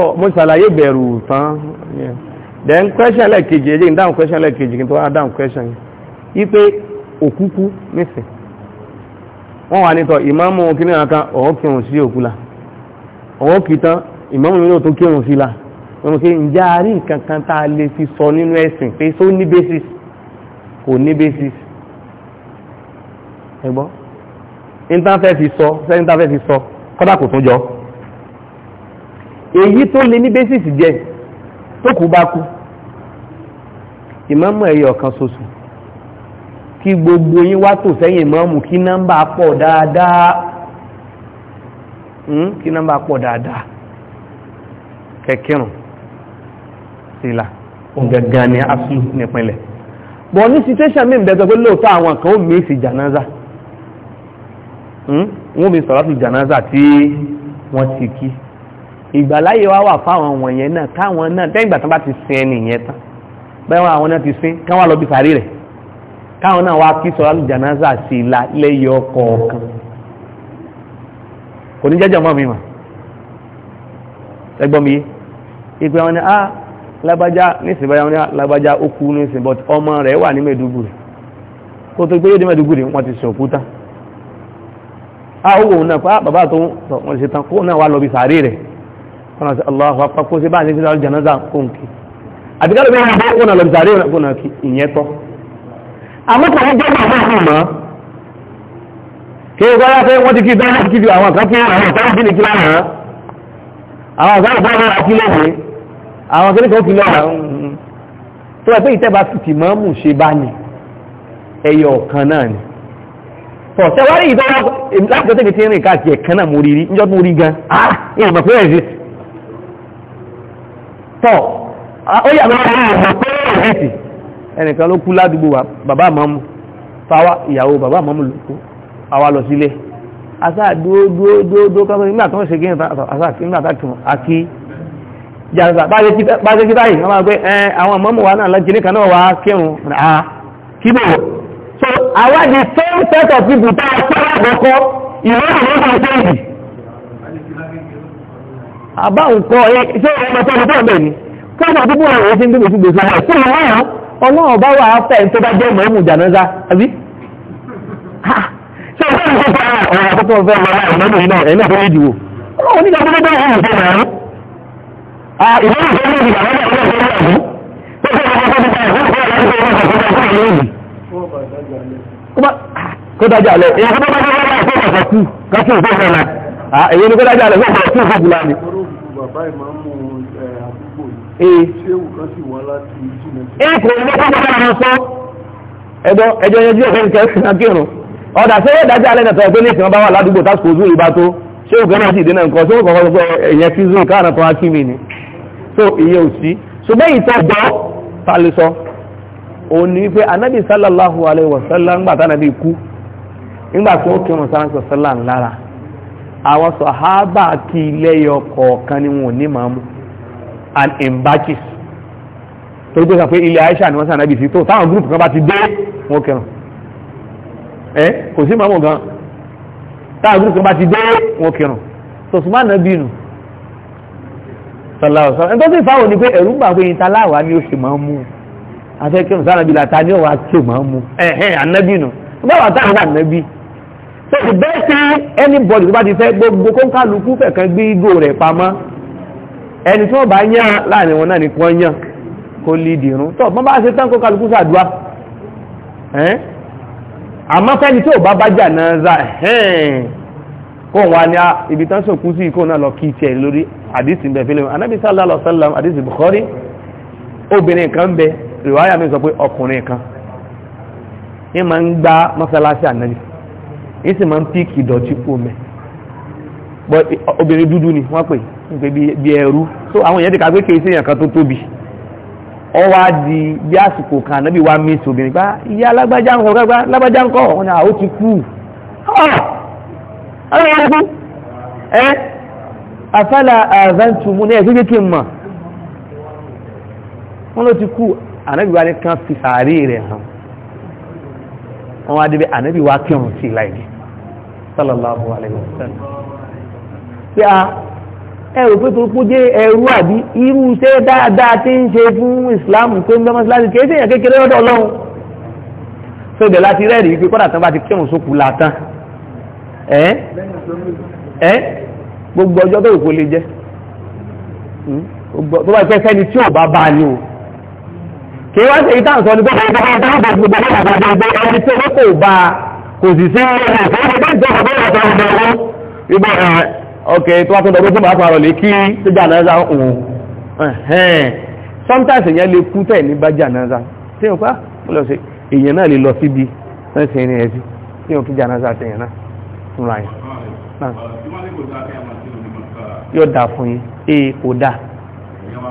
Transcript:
ọ mo ṣàlàyé bẹ̀rù tán then question lẹ́ẹ̀kejì èyí dáhùn question lẹ́ẹ̀kejì kí n tó wá dáhùn question yìí pé òkúkú nísìn wọ́n wà nítọ̀ ìmáàmù kí ní àkán ọ̀hún kí òun sí òkúla ọ̀hún kì tán ìmáàmù mi náà tó kí òun sí la wọ́n mọ̀ pé ǹjẹ́ a rí nǹkan tá a lè fi sọ nínú ẹ̀sìn pé só ní basis kò ní basis ẹ̀gbọ́n ní tá fẹ́ fi sọ sẹ́ni tá fẹ́ fi sọ kọ́dà kò tún jọ èyí tó lè ní bẹ́sìsì jẹ tó kù bá kú ìmáàmù ẹ̀yọ̀ kan ṣoṣo kí gbogbo yín wá tò sẹ́yìn ìmáàmù kí nọ́mbà pọ̀ dáadáa hmm? kí nọ́mbà pọ̀ dáadáa kẹkẹrùn sílá ọ̀gẹ̀gẹ̀ ni asúlù nípínlẹ̀ bọ̀ ní situation mi bẹ̀tọ̀ pé lóòótọ́ àwọn kan ó mèsì jànáza hmm? wọ́n mi sọ̀rọ̀ jànáza tí wọ́n ti kí ìgbàláyè wá wà fáwọn wọ̀nyẹn náà káwọn náà tẹ́gbà tán bá ti sin ẹni ìyẹn tán bẹ́wọ́n àwọn náà ti sin káwọn lọ bí sàárì rẹ̀ káwọn náà wá kí sọ́rọ̀ alùjànáza sí ilá lẹ́yọ kọ̀ọ̀kan kò ní jẹ́jọ́ mọ́ mi mà ẹgbọ́n mi ìpè wọn ni ah lágbájá nísìn báyá wọn ni ah, lágbájá ó kú nísìn but ọmọ rẹ̀ wà ní Maiduguri kó tó gbé yóò dé Maiduguri wọ́n ti sìn òkúta ah ó wò náà pé ah bàbá tó wọ́n ti ṣe tán kó náà wá lọ bí sàárì rẹ̀ kọ́nà sí aláwọ̀ apapọ̀ sí báyìí sí lọ́rọ̀ jẹ̀nàzà kóǹkì àbíkálù mẹ́rin bá kọ́nà lọ sàárè kọ́nà kí ìyẹn tọ́ àmọ́kànlá jẹ́ bàbá fún mọ́ kí ó gbára pé wọ́n ti kí bẹ́ẹ̀ kí ju àwọn kan fún àwọn ọ̀tá sí ní kí lára àwọn kí lẹ́yìn àwọn kí tọ́ ó yà lọ́rọ̀ ìrìnà pé rẹ̀sì ẹnìkan ló kú ládùúgbò bàbá àmọ́mù fáwá ìyàwó bàbá àmọ́mù ló kú àwa lọ sílé asáà dúró dúró dúró dúró kọ́kọ́ nígbà tó ń ṣe gẹ́yìn asáà nígbà tá tún àkí jàǹsà bá ṣe kí báyìí wọ́n máa gbé ẹ àwọn àmọ́mù wa náà lọ́jì níkan náà wá kírun àá kí bò so àwa the same set of people tá a pẹ́ lákọ̀ọ́kọ́ ìwọ́n àwọn ọmọ àbá nǹkan ọ̀yẹ́ ṣé ọmọ tó ń bọ̀ bẹ́ẹ̀ ni káàkiri àdúgbò rẹ̀ wọ́n ti ń dúró sí gbèsè àwọn ẹ̀sìn ìwọ̀n ọlọ́run bá wà á fẹ́ tó bá jẹ́ mọ̀ọ́mù jànáza àbí ṣé ọ̀sán ìfọ̀fọ̀ àwọn àkọ́kọ́ fẹ́ lọ láì mọ́mù iná ẹ̀ náà fẹ́ ìdìwò ọlọ́run nígbà tó bá wọ́n fẹ́ mọ̀ ìwọ́n ìfẹ́ ní ìgbà wọ́n fẹ́ mọ̀ ọ̀hún tó fẹ́ mọ̀ ọ̀hún tó fẹ́ mọ̀ ọ̀hún tó fẹ́ mọ̀ ọ̀hún bàbá ìmáàmù àdúgbò yìí ṣé òkan sì wá láti jìnà sí. èyí kò ní kókó bá wọn sọ ẹjọ́ ẹjọ́ yẹn tí ọkọ nìkan ṣe náà kírun ọdà ṣé yóò dájú alẹ́ nàtọ̀ pé níṣẹ́ wọn bá wà ládùúgbò tásìkò ojú ìbá tó ṣé òkan náà sì dènà nǹkan ṣé òkan kọ́ sọ ẹ̀yẹn kí zoo káàna tó wá kí mi ni so ìyẹn ò sí ṣùgbọ́n ìtọ́ gbọ́ ta lè sọ òun ni wípé anábì sallallahu alayhi wa sallam ńgbà tánábì kú ńgbà tó kírun sáńsọ̀ sallam lára àwọn sọ̀hábà kí ilé ọkọ̀ọ̀kan ni wọn ní máa mú and embarkis tó gbé sàpé ilé Aisha ni wọ́n sànábì sí tó táwọn gúrùpù kan bá ti dé wọn kẹrùn ẹ́ kò sí mọ́mọ̀ gan táwọn gúrùpù kan bá ti dé wọn kẹrùn tó súnmọ́ nàbí nù sọ̀làọ̀sọ̀ ẹni tó sì fáwọn ni pé ẹ̀rú gbà pé ìta láwàá ni ó ṣe máa mú afẹ́kẹ́rùn sànábì làtà ni ó wà ṣe máa mú ẹ̀hẹ́ ànábì nù báwa so the best thing anybody tó bá ti fẹ́ gbogbo kó ń kálukú fẹ̀kan gbé igò rẹ̀ pamọ́ ẹni tí wọ́n bá yán láàrin wọn náà ni kí wọ́n yàn kó lè dìrún tó bọ́n bá ṣe tán kó kálukú ṣàdúrà àmọ́ fẹ́ni tí ò bá bá jà náà zà kó wà ní ah, ibi tán sòkú sí ikó náà lọ kí tiẹ̀ lórí àdìsí ń bẹ fílẹ̀ anábì sallallahu alaihi wasallam àdìsí Bukhari obìnrin kan bẹ rìwáyà mi sọ pé ọkùnrin kan ní ma ń gbá mọ́sálásí ànábì yìí sì máa ń pík ìdọ̀tí kú obìnrin dúdú ni wọ́n pè pé bí ẹrú so àwọn èèyàn ti kàgbé kèé sí èèyàn tó tóbi ọ wá di bí àsìkò kan ànábì wá mí obìnrin pa ah, ìyá alágbájá ńkọ́ gbágbá alágbájá ńkọ́ wọn ni àwọn ah, ti kú ẹ afẹ́lá àzántu ní ẹ̀gbẹ́gbẹ́ kí n mọ̀ wọ́n ló ti kú wá ní kan fi sàárè rẹ̀ wọ́n wá ànábì wá kírun sí láìdí sallallahu alayhi wa a ẹrù pé tó kó jẹ́ ẹrú àbí irú iṣẹ́ dáadáa tí ń ṣe fún islam tó ń bẹ́mọ́ síláàdì kìí ṣèyàn kékeré ọ̀dọ̀ ọlọ́run tó ibẹ̀ láti rẹ́rìí pé kọ́dà tán bá ti kírun sókù látàn ẹ́ gbogbo ọjọ́ bẹ́ẹ̀ kò lè jẹ́ hmm? tó bá ìpẹ́ sẹ́ni tí ò bá bá ní o kí wá ṣe ìtàn sọ ní gbọ́dọ̀ ìjọba ìjọba ìjọba ìjọba ìjọba ìjọba ìjọba ẹni tí owó kò bá kò sì sí ọ̀rọ̀ ìfowópamọ́ ìjọba ìjọba ìjọba ìjọba ìgbà ọ̀kẹ́ tó wá tó dọ̀gbọ́n tó máa fa ọ̀rọ̀ lé kí síjà náà sá òun sometimes èèyàn lè kú tẹ̀ ní bájà náà sá tí o pa ó lọ sí èèyàn náà lè lọ síbi náà sí ẹni ẹ̀sí tí o kí jà náà sá tẹ̀yàn náà fúnra yẹn yóò dà fún yín ee kò dáa